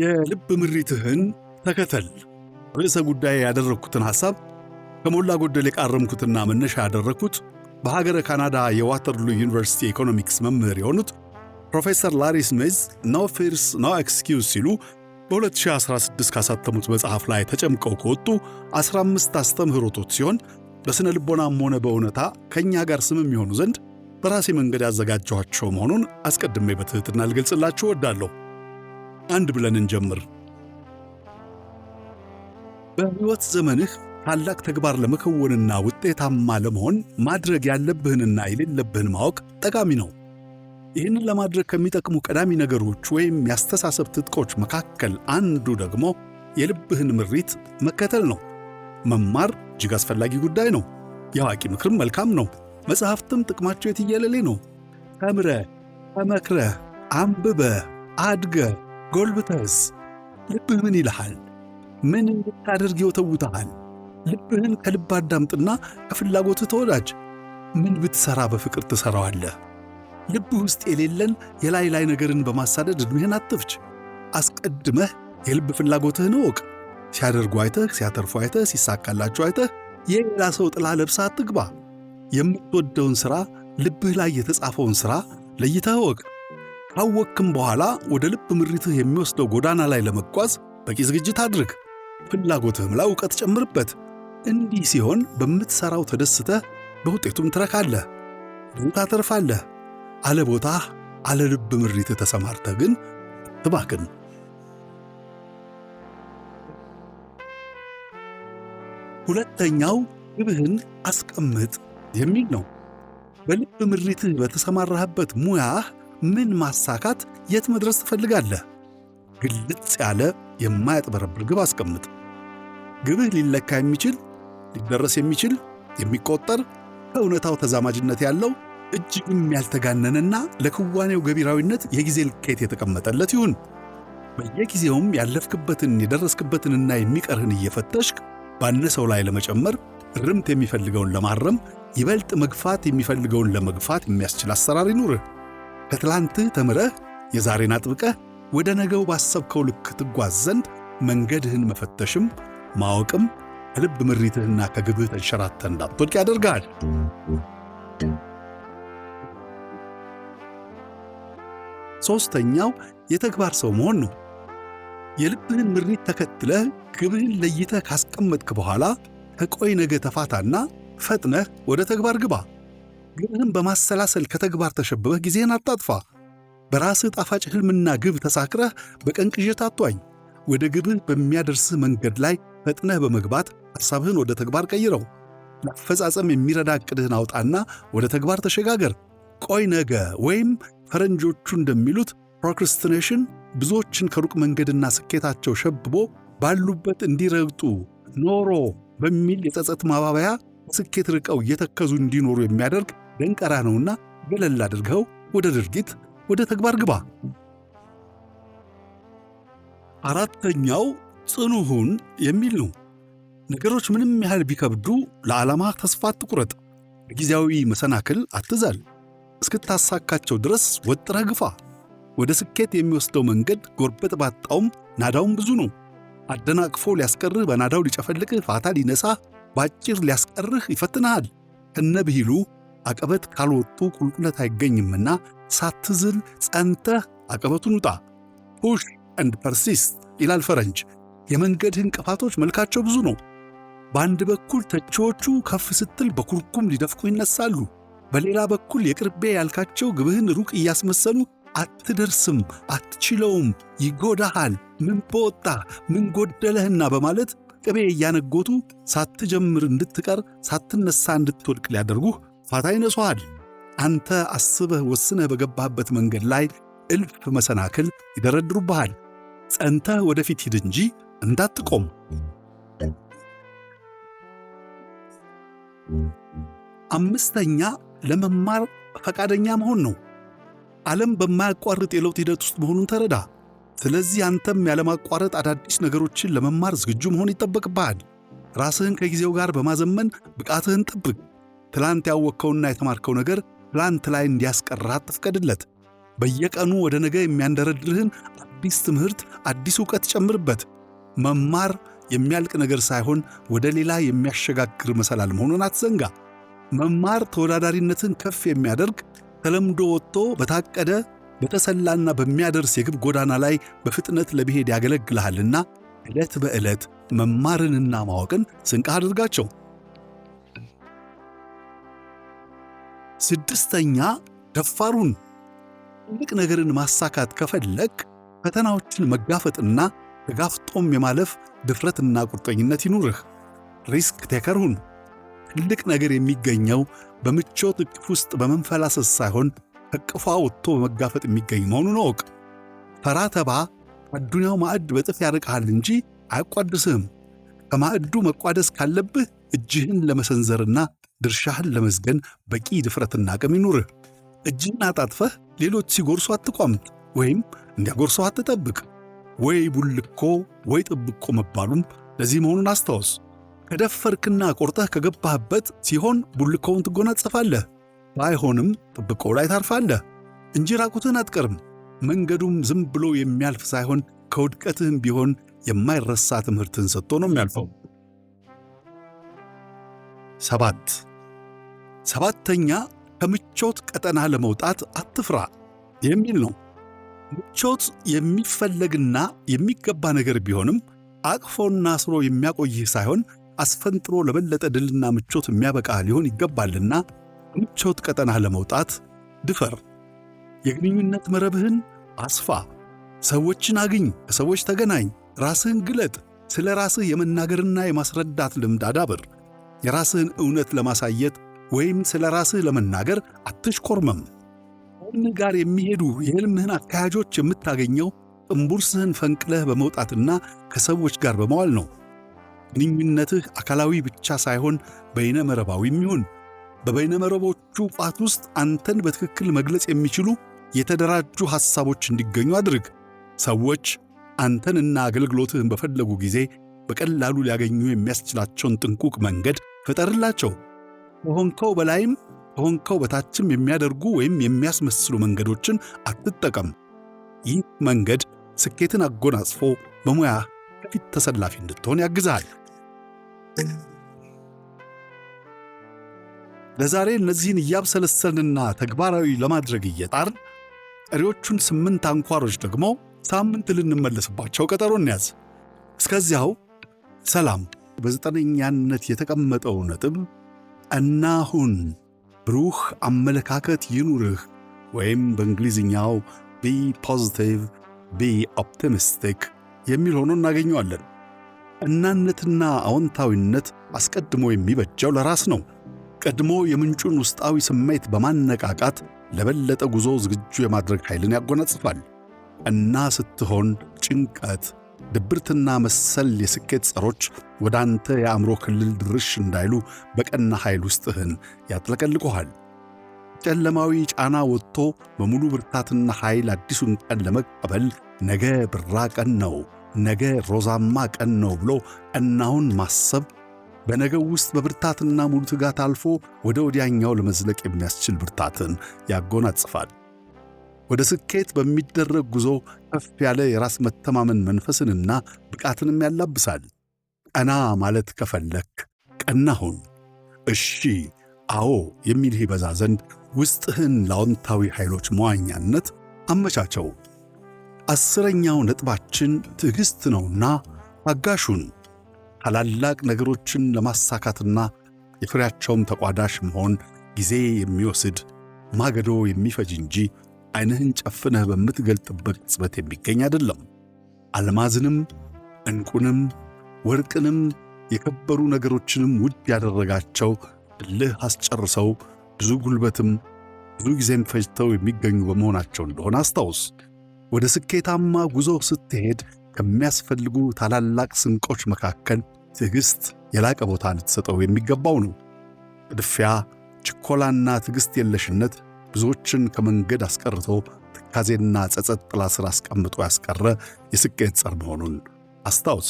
የልብ ምሪትህን ተከተል። ርዕሰ ጉዳይ ያደረግኩትን ሐሳብ ከሞላ ጎደል የቃረምኩትና መነሻ ያደረግኩት በሀገረ ካናዳ የዋተርሉ ዩኒቨርሲቲ ኢኮኖሚክስ መምህር የሆኑት ፕሮፌሰር ላሪ ስሜዝ ኖ ፊርስ ኖ ኤክስኪውዝ ሲሉ በ2016 ካሳተሙት መጽሐፍ ላይ ተጨምቀው ከወጡ 15 አስተምህሮቶች ሲሆን በሥነ ልቦናም ሆነ በእውነታ ከእኛ ጋር ስም የሚሆኑ ዘንድ በራሴ መንገድ ያዘጋጀኋቸው መሆኑን አስቀድሜ በትሕትና ልገልጽላችሁ እወዳለሁ። አንድ ብለን እንጀምር። በሕይወት ዘመንህ ታላቅ ተግባር ለመከወንና ውጤታማ ለመሆን ማድረግ ያለብህንና የሌለብህን ማወቅ ጠቃሚ ነው። ይህንን ለማድረግ ከሚጠቅሙ ቀዳሚ ነገሮች ወይም የአስተሳሰብ ትጥቆች መካከል አንዱ ደግሞ የልብህን ምሪት መከተል ነው። መማር እጅግ አስፈላጊ ጉዳይ ነው። የአዋቂ ምክርም መልካም ነው። መጽሐፍትም ጥቅማቸው የትየለሌ ነው። ተምረህ ተመክረህ አንብበህ አድገህ ጎልብተህስ ልብህ ምን ይልሃል? ምን እንድታደርግ ይወተውተሃል? ልብህን ከልብ አዳምጥና ከፍላጎትህ ተወዳጅ። ምን ብትሠራ በፍቅር ትሠራዋለህ? ልብህ ውስጥ የሌለን የላይ ላይ ነገርን በማሳደድ ዕድሜህን አትፍች። አስቀድመህ የልብ ፍላጎትህን እወቅ። ሲያደርጉ አይተህ፣ ሲያተርፉ አይተህ፣ ሲሳካላችሁ አይተህ የሌላ ሰው ጥላ ለብሳ አትግባ። የምትወደውን ሥራ፣ ልብህ ላይ የተጻፈውን ሥራ ለይተህ እወቅ። ካወቅክም በኋላ ወደ ልብ ምሪትህ የሚወስደው ጎዳና ላይ ለመጓዝ በቂ ዝግጅት አድርግ። ፍላጎትህም ላይ እውቀት ጨምርበት። እንዲህ ሲሆን በምትሠራው ተደስተህ በውጤቱም ትረካለህ፣ ብዙ ታተርፋለህ። አለ ቦታህ አለ ልብ ምሪትህ ተሰማርተህ ግን ትባክን። ሁለተኛው ግብህን አስቀምጥ የሚል ነው። በልብ ምሪትህ በተሰማራህበት ሙያህ ምን ማሳካት፣ የት መድረስ ትፈልጋለህ? ግልጽ ያለ የማያጥበረብር ግብ አስቀምጥ። ግብህ ሊለካ የሚችል ሊደረስ የሚችል የሚቆጠር ከእውነታው ተዛማጅነት ያለው እጅግም ያልተጋነነና ለክዋኔው ገቢራዊነት የጊዜ ልኬት የተቀመጠለት ይሁን። በየጊዜውም ያለፍክበትን የደረስክበትንና የሚቀርህን እየፈተሽክ ባነሰው ላይ ለመጨመር ርምት የሚፈልገውን ለማረም ይበልጥ መግፋት የሚፈልገውን ለመግፋት የሚያስችል አሰራር ይኑርህ። ከትላንት ተምረህ የዛሬን አጥብቀህ ወደ ነገው ባሰብከው ልክ ትጓዝ ዘንድ መንገድህን መፈተሽም ማወቅም ከልብ ምሪትህና ከግብህ ተንሸራተ እንዳትወድቅ ያደርግሃል። ሦስተኛው የተግባር ሰው መሆን ነው። የልብህን ምሪት ተከትለህ ግብህን ለይተህ ካስቀመጥክ በኋላ ከቆይ ነገ ተፋታና ፈጥነህ ወደ ተግባር ግባ። ግብህን በማሰላሰል ከተግባር ተሸብበህ ጊዜህን አታጥፋ። በራስህ ጣፋጭ ህልምና ግብ ተሳክረህ በቀን ቅዠት አቷኝ። ወደ ግብህ በሚያደርስህ መንገድ ላይ ፈጥነህ በመግባት ሐሳብህን ወደ ተግባር ቀይረው። ለአፈጻጸም የሚረዳ ዕቅድህን አውጣና ወደ ተግባር ተሸጋገር። ቆይ ነገ ወይም ፈረንጆቹ እንደሚሉት ፕሮክራስቲኔሽን ብዙዎችን ከሩቅ መንገድና ስኬታቸው ሸብቦ ባሉበት እንዲረግጡ ኖሮ በሚል የጸጸት ማባበያ ስኬት ርቀው እየተከዙ እንዲኖሩ የሚያደርግ ደንቀራ ነውና ገለል አድርገው ወደ ድርጊት ወደ ተግባር ግባ። አራተኛው ጽኑሁን የሚል ነው። ነገሮች ምንም ያህል ቢከብዱ ለዓላማ ተስፋ አትቁረጥ። በጊዜያዊ መሰናክል አትዛል። እስክታሳካቸው ድረስ ወጥረህ ግፋ። ወደ ስኬት የሚወስደው መንገድ ጎርበጥ ባጣውም ናዳውም ብዙ ነው። አደናቅፎ ሊያስቀርህ፣ በናዳው ሊጨፈልቅህ፣ ፋታ ሊነሳህ፣ በአጭር ሊያስቀርህ ይፈትንሃል። እነ ብሂሉ አቀበት ካልወጡ ቁልቁለት አይገኝምና ሳትዝል ጸንተህ አቀበቱን ውጣ። ፑሽ እንድ ፐርሲስት ይላል ፈረንጅ። የመንገድህ እንቅፋቶች መልካቸው ብዙ ነው። በአንድ በኩል ተቺዎቹ ከፍ ስትል በኩርኩም ሊደፍቁ ይነሳሉ። በሌላ በኩል የቅርቤ ያልካቸው ግብህን ሩቅ እያስመሰሉ አትደርስም፣ አትችለውም፣ ይጎዳሃል፣ ምን በወጣ ምን ጎደለህና በማለት ቅቤ እያነጎቱ ሳትጀምር እንድትቀር ሳትነሳ እንድትወድቅ ሊያደርጉህ ፋታይ ነሷድ አንተ አስበህ ወስነህ በገባህበት መንገድ ላይ እልፍ መሰናክል ይደረድሩብሃል። ጸንተህ ወደፊት ሂድ እንጂ እንዳትቆም። አምስተኛ ለመማር ፈቃደኛ መሆን ነው። ዓለም በማያቋርጥ የለውጥ ሂደት ውስጥ መሆኑን ተረዳ። ስለዚህ አንተም ያለማቋረጥ አዳዲስ ነገሮችን ለመማር ዝግጁ መሆን ይጠበቅብሃል። ራስህን ከጊዜው ጋር በማዘመን ብቃትህን ጠብቅ። ትላንት ያወቅከውና የተማርከው ነገር ትላንት ላይ እንዲያስቀራ አትፍቀድለት። በየቀኑ ወደ ነገ የሚያንደረድርህን አዲስ ትምህርት፣ አዲስ ዕውቀት ጨምርበት። መማር የሚያልቅ ነገር ሳይሆን ወደ ሌላ የሚያሸጋግር መሰላል መሆኑን አትዘንጋ። መማር ተወዳዳሪነትን ከፍ የሚያደርግ ተለምዶ ወጥቶ በታቀደ በተሰላና በሚያደርስ የግብ ጎዳና ላይ በፍጥነት ለመሄድ ያገለግልሃልና ዕለት በዕለት መማርንና ማወቅን ስንቅ አድርጋቸው። ስድስተኛ ደፋሩን ትልቅ ነገርን ማሳካት ከፈለግ ፈተናዎችን መጋፈጥና ተጋፍጦም የማለፍ ድፍረትና ቁርጠኝነት ይኑርህ። ሪስክ ቴከር ሁን። ትልቅ ነገር የሚገኘው በምቾት እቅፍ ውስጥ በመንፈላሰስ ሳይሆን ከቅፏ ወጥቶ በመጋፈጥ የሚገኝ መሆኑን እወቅ። ፈራ ተባ ከአዱንያው ማዕድ በጥፍ ያርቅሃል እንጂ አያቋድስህም። ከማዕዱ መቋደስ ካለብህ እጅህን ለመሰንዘርና ድርሻህን ለመዝገን በቂ ድፍረትና አቅም ይኑርህ። እጅና ጣጥፈህ ሌሎች ሲጎርሱ አትቋምጥ ወይም እንዲያጎርሰው አትጠብቅ። ወይ ቡልኮ ወይ ጥብቆ መባሉም ለዚህ መሆኑን አስታውስ። ከደፈርክና ቆርጠህ ከገባህበት ሲሆን ቡልኮውን ትጎናጸፋለህ፣ ባይሆንም ጥብቆው ላይ ታርፋለህ እንጂ ራቁትህን አትቀርም። መንገዱም ዝም ብሎ የሚያልፍ ሳይሆን ከውድቀትህም ቢሆን የማይረሳ ትምህርትን ሰጥቶ ነው የሚያልፈው። ሰባት ሰባተኛ ከምቾት ቀጠና ለመውጣት አትፍራ የሚል ነው። ምቾት የሚፈለግና የሚገባ ነገር ቢሆንም አቅፎና አስሮ የሚያቆይህ ሳይሆን አስፈንጥሮ ለበለጠ ድልና ምቾት የሚያበቃ ሊሆን ይገባልና ምቾት ቀጠና ለመውጣት ድፈር። የግንኙነት መረብህን አስፋ። ሰዎችን አግኝ፣ ከሰዎች ተገናኝ፣ ራስህን ግለጥ። ስለ ራስህ የመናገርና የማስረዳት ልምድ አዳብር። የራስህን እውነት ለማሳየት ወይም ስለ ራስህ ለመናገር አትሽኮርመም። ከህልምህ ጋር የሚሄዱ የህልምህን አካያጆች የምታገኘው እምቡርስህን ፈንቅለህ በመውጣትና ከሰዎች ጋር በመዋል ነው። ግንኙነትህ አካላዊ ብቻ ሳይሆን በይነ መረባዊም ይሁን። በበይነ መረቦቹ ቋት ውስጥ አንተን በትክክል መግለጽ የሚችሉ የተደራጁ ሐሳቦች እንዲገኙ አድርግ። ሰዎች አንተንና አገልግሎትህን በፈለጉ ጊዜ በቀላሉ ሊያገኙ የሚያስችላቸውን ጥንቁቅ መንገድ ፍጠርላቸው። ከሆንከው በላይም ከሆንከው በታችም የሚያደርጉ ወይም የሚያስመስሉ መንገዶችን አትጠቀም። ይህ መንገድ ስኬትን አጎናጽፎ በሙያ ከፊት ተሰላፊ እንድትሆን ያግዝሃል። ለዛሬ እነዚህን እያብሰለሰልንና ተግባራዊ ለማድረግ እየጣርን ቀሪዎቹን ስምንት አንኳሮች ደግሞ ሳምንት ልንመለስባቸው ቀጠሮ እንያዝ። እስከዚያው ሰላም። በዘጠነኛነት የተቀመጠው ነጥብ እናሁን ብሩህ አመለካከት ይኑርህ ወይም በእንግሊዝኛው ቢ ፖዚቲቭ ቢ ኦፕቲሚስቲክ የሚል ሆኖ እናገኘዋለን። እናነትና አዎንታዊነት አስቀድሞ የሚበጀው ለራስ ነው። ቀድሞ የምንጩን ውስጣዊ ስሜት በማነቃቃት ለበለጠ ጉዞ ዝግጁ የማድረግ ኃይልን ያጎናጽፋል። እና ስትሆን ጭንቀት ድብርትና መሰል የስኬት ጸሮች ወደ አንተ የአእምሮ ክልል ድርሽ እንዳይሉ በቀና ኃይል ውስጥህን ያጥለቀልቆሃል። ጨለማዊ ጫና ወጥቶ በሙሉ ብርታትና ኃይል አዲሱን ቀን ለመቀበል ነገ ብራ ቀን ነው፣ ነገ ሮዛማ ቀን ነው ብሎ ቀናውን ማሰብ በነገው ውስጥ በብርታትና ሙሉ ትጋት አልፎ ወደ ወዲያኛው ለመዝለቅ የሚያስችል ብርታትን ያጎናጽፋል። ወደ ስኬት በሚደረግ ጉዞ ከፍ ያለ የራስ መተማመን መንፈስንና ብቃትንም ያላብሳል። ቀና ማለት ከፈለክ ቀናሁን! እሺ፣ አዎ የሚልህ ይበዛ ዘንድ ውስጥህን ለአዎንታዊ ኃይሎች መዋኛነት አመቻቸው። አስረኛው ነጥባችን ትዕግሥት ነውና አጋሹን ታላላቅ ነገሮችን ለማሳካትና የፍሬያቸውም ተቋዳሽ መሆን ጊዜ የሚወስድ ማገዶ የሚፈጅ እንጂ አይነህን ጨፍነህ በምትገልጥበት ቅጽበት የሚገኝ አይደለም። አልማዝንም ዕንቁንም ወርቅንም የከበሩ ነገሮችንም ውድ ያደረጋቸው እልህ አስጨርሰው ብዙ ጉልበትም ብዙ ጊዜም ፈጅተው የሚገኙ በመሆናቸው እንደሆነ አስታውስ። ወደ ስኬታማ ጉዞ ስትሄድ ከሚያስፈልጉ ታላላቅ ስንቆች መካከል ትዕግሥት የላቀ ቦታ ልትሰጠው የሚገባው ነው። እድፊያ፣ ችኮላና ትዕግሥት የለሽነት ብዙዎችን ከመንገድ አስቀርቶ ትካዜና ጸጸት ጥላ ስር አስቀምጦ ያስቀረ የስኬት ጸር መሆኑን አስታውስ።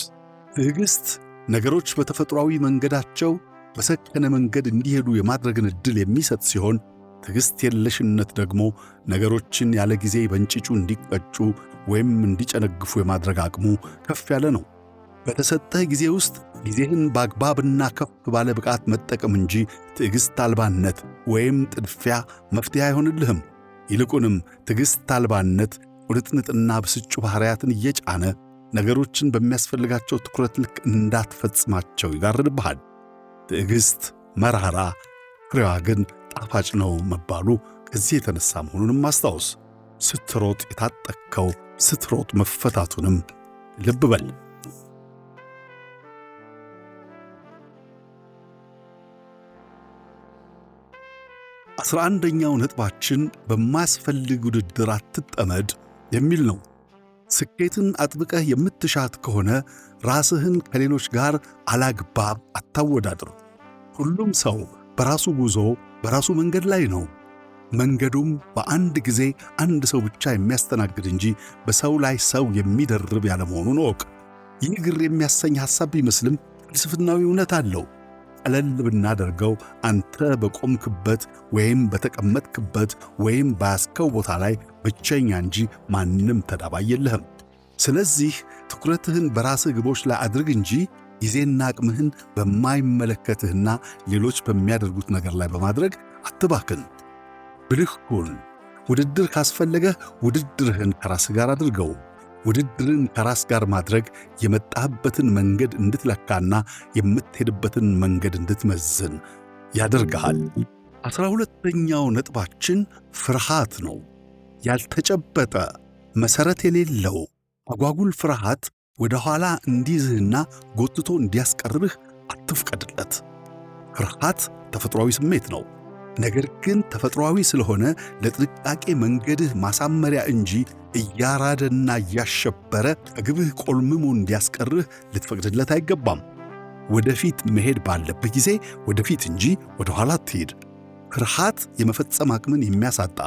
ትዕግሥት ነገሮች በተፈጥሯዊ መንገዳቸው በሰከነ መንገድ እንዲሄዱ የማድረግን ዕድል የሚሰጥ ሲሆን ትዕግሥት የለሽነት ደግሞ ነገሮችን ያለ ጊዜ በእንጭጩ እንዲቀጩ ወይም እንዲጨነግፉ የማድረግ አቅሙ ከፍ ያለ ነው። በተሰጠህ ጊዜ ውስጥ ጊዜህን በአግባብና ከፍ ባለ ብቃት መጠቀም እንጂ ትዕግሥት አልባነት ወይም ጥድፊያ መፍትሄ አይሆንልህም። ይልቁንም ትዕግሥት አልባነት ቁርጥንጥና ብስጩ ባሕርያትን እየጫነ ነገሮችን በሚያስፈልጋቸው ትኩረት ልክ እንዳትፈጽማቸው ይጋርድብሃል። ትዕግሥት መራራ ፍሬዋ ግን ጣፋጭ ነው መባሉ ከዚህ የተነሳ መሆኑንም አስታውስ። ስትሮጥ የታጠቅከው ስትሮጥ መፈታቱንም ልብ በል። አስራ አንደኛው ነጥባችን በማያስፈልግ ውድድር አትጠመድ የሚል ነው። ስኬትን አጥብቀህ የምትሻት ከሆነ ራስህን ከሌሎች ጋር አላግባብ አታወዳድር። ሁሉም ሰው በራሱ ጉዞ በራሱ መንገድ ላይ ነው። መንገዱም በአንድ ጊዜ አንድ ሰው ብቻ የሚያስተናግድ እንጂ በሰው ላይ ሰው የሚደርብ ያለመሆኑን እወቅ። ይህ ግር የሚያሰኝ ሐሳብ ቢመስልም ፍልስፍናዊ እውነት አለው። ቀለል ብናደርገው አንተ በቆምክበት ወይም በተቀመጥክበት ወይም በያዝከው ቦታ ላይ ብቸኛ እንጂ ማንም ተዳባይ የለህም። ስለዚህ ትኩረትህን በራስህ ግቦች ላይ አድርግ እንጂ ጊዜና አቅምህን በማይመለከትህና ሌሎች በሚያደርጉት ነገር ላይ በማድረግ አትባክን። ብልህ ሁን። ውድድር ካስፈለገህ ውድድርህን ከራስህ ጋር አድርገው። ውድድርን ከራስ ጋር ማድረግ የመጣህበትን መንገድ እንድትለካና የምትሄድበትን መንገድ እንድትመዝን ያደርግሃል። አስራ ሁለተኛው ነጥባችን ፍርሃት ነው። ያልተጨበጠ መሠረት የሌለው አጓጉል ፍርሃት ወደ ኋላ እንዲይዝህና ጎትቶ እንዲያስቀርህ አትፍቀድለት። ፍርሃት ተፈጥሯዊ ስሜት ነው። ነገር ግን ተፈጥሯዊ ስለሆነ ለጥንቃቄ መንገድህ ማሳመሪያ እንጂ እያራደና እያሸበረ እግብህ ቆልምሞ እንዲያስቀርህ ልትፈቅድለት አይገባም። ወደፊት መሄድ ባለብህ ጊዜ ወደፊት እንጂ ወደ ኋላ ትሄድ። ፍርሃት የመፈጸም አቅምን የሚያሳጣ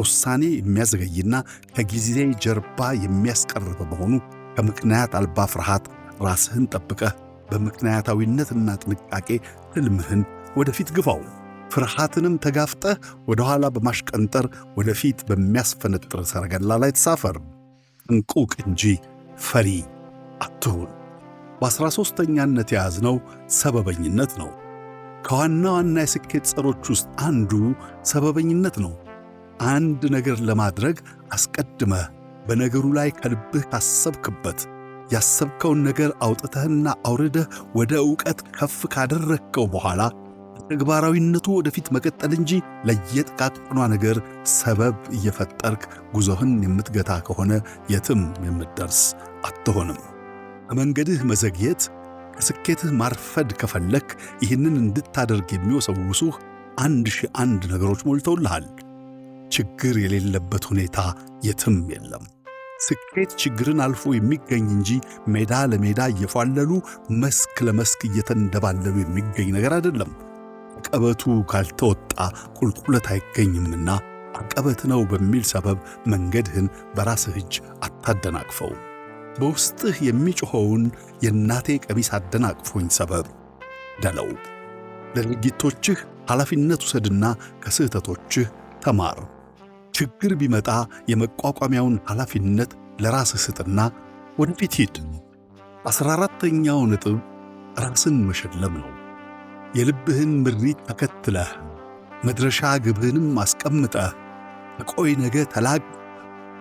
ውሳኔ የሚያዘገይና ከጊዜ ጀርባ የሚያስቀር በመሆኑ ከምክንያት አልባ ፍርሃት ራስህን ጠብቀህ በምክንያታዊነትና ጥንቃቄ ህልምህን ወደፊት ግፋው። ፍርሃትንም ተጋፍጠህ ወደ ኋላ በማሽቀንጠር ወደፊት በሚያስፈነጥር ሰረገላ ላይ ተሳፈር። እንቁቅ እንጂ ፈሪ አትሁን። በአሥራ ሦስተኛነት የያዝነው ሰበበኝነት ነው። ከዋና ዋና የስኬት ጸሮች ውስጥ አንዱ ሰበበኝነት ነው። አንድ ነገር ለማድረግ አስቀድመህ በነገሩ ላይ ከልብህ ካሰብክበት ያሰብከውን ነገር አውጥተህና አውርደህ ወደ ዕውቀት ከፍ ካደረግከው በኋላ ተግባራዊነቱ ወደፊት መቀጠል እንጂ ለየጥቃቅኗ ነገር ሰበብ እየፈጠርክ ጉዞህን የምትገታ ከሆነ የትም የምትደርስ አትሆንም። ከመንገድህ መዘግየት፣ ከስኬትህ ማርፈድ ከፈለክ ይህንን እንድታደርግ የሚወሰውሱህ አንድ ሺህ አንድ ነገሮች ሞልተውልሃል። ችግር የሌለበት ሁኔታ የትም የለም። ስኬት ችግርን አልፎ የሚገኝ እንጂ ሜዳ ለሜዳ እየፏለሉ መስክ ለመስክ እየተንደባለሉ የሚገኝ ነገር አይደለም። ቀበቱ ካልተወጣ ቁልቁለት አይገኝምና አቀበት ነው በሚል ሰበብ መንገድህን በራስህ እጅ አታደናቅፈው። በውስጥህ የሚጮኸውን የእናቴ ቀሚስ አደናቅፎኝ ሰበብ ደለው። ለድርጊቶችህ ኃላፊነት ውሰድና ከስህተቶችህ ተማር። ችግር ቢመጣ የመቋቋሚያውን ኃላፊነት ለራስህ ስጥና ወደፊት ሂድ። አሥራ አራተኛው ነጥብ ራስን መሸለም ነው። የልብህን ምሪት ተከትለህ መድረሻ ግብህንም አስቀምጠህ ከቆይ ነገ ተላቅ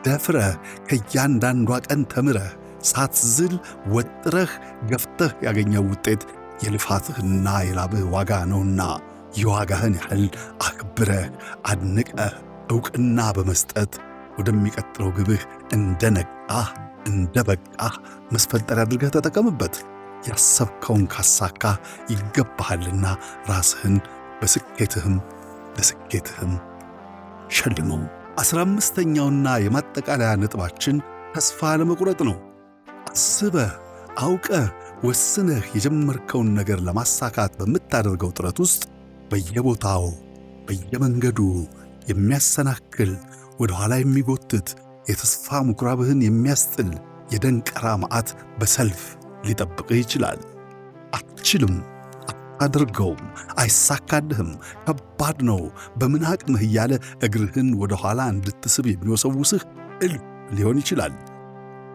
ደፍረህ ከእያንዳንዷ ቀን ተምረህ ሳትዝል ወጥረህ ገፍተህ ያገኘው ውጤት የልፋትህና የላብህ ዋጋ ነውና የዋጋህን ያህል አክብረህ አድንቀህ ዕውቅና በመስጠት ወደሚቀጥለው ግብህ እንደ ነቃህ እንደ በቃህ መስፈንጠሪያ አድርገህ ተጠቀምበት። ያሰብከውን ካሳካ ይገባሃልና ራስህን በስኬትህም በስኬትህም ሸልመው። አስራ አምስተኛውና የማጠቃለያ ነጥባችን ተስፋ ለመቁረጥ ነው። አስበህ አውቀህ ወስነህ የጀመርከውን ነገር ለማሳካት በምታደርገው ጥረት ውስጥ በየቦታው በየመንገዱ የሚያሰናክል ወደ ኋላ የሚጎትት የተስፋ ምኩራብህን የሚያስጥል የደንቀራ መዓት በሰልፍ ሊጠብቅህ ይችላል። አትችልም፣ አታደርገውም፣ አይሳካልህም፣ ከባድ ነው፣ በምን አቅምህ እያለ እግርህን ወደ ኋላ እንድትስብ የሚወሰውስህ እል ሊሆን ይችላል።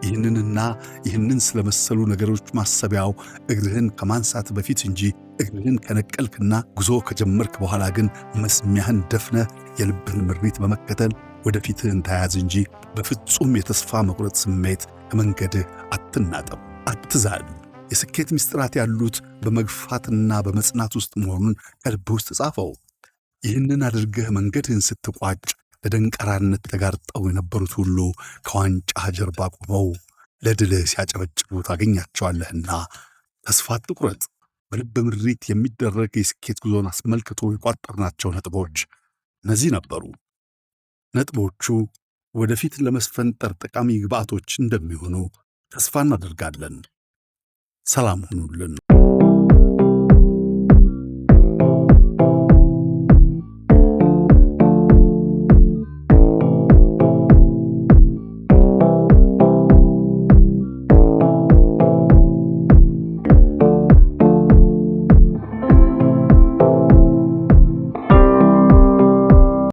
ይህንንና ይህንን ስለመሰሉ ነገሮች ማሰቢያው እግርህን ከማንሳት በፊት እንጂ እግርህን ከነቀልክና ጉዞ ከጀመርክ በኋላ ግን መስሚያህን ደፍነህ የልብህን ምሪት በመከተል ወደፊትህ እንታያዝ እንጂ በፍጹም የተስፋ መቁረጥ ስሜት ከመንገድህ አትናጠም። አትዛል። የስኬት ምስጢራት ያሉት በመግፋትና በመጽናት ውስጥ መሆኑን ከልብ ውስጥ ጻፈው። ይህንን አድርገህ መንገድህን ስትቋጭ ለደንቀራነት ተጋርጠው የነበሩት ሁሉ ከዋንጫ ጀርባ ቆመው ለድልህ ሲያጨበጭቡ ታገኛቸዋለህና ተስፋ አትቁረጥ። በልብ ምሪት የሚደረግ የስኬት ጉዞን አስመልክቶ የቋጠርናቸው ነጥቦች እነዚህ ነበሩ። ነጥቦቹ ወደፊት ለመስፈንጠር ጠቃሚ ግብአቶች እንደሚሆኑ ተስፋ እናደርጋለን። ሰላም ሁኑልን።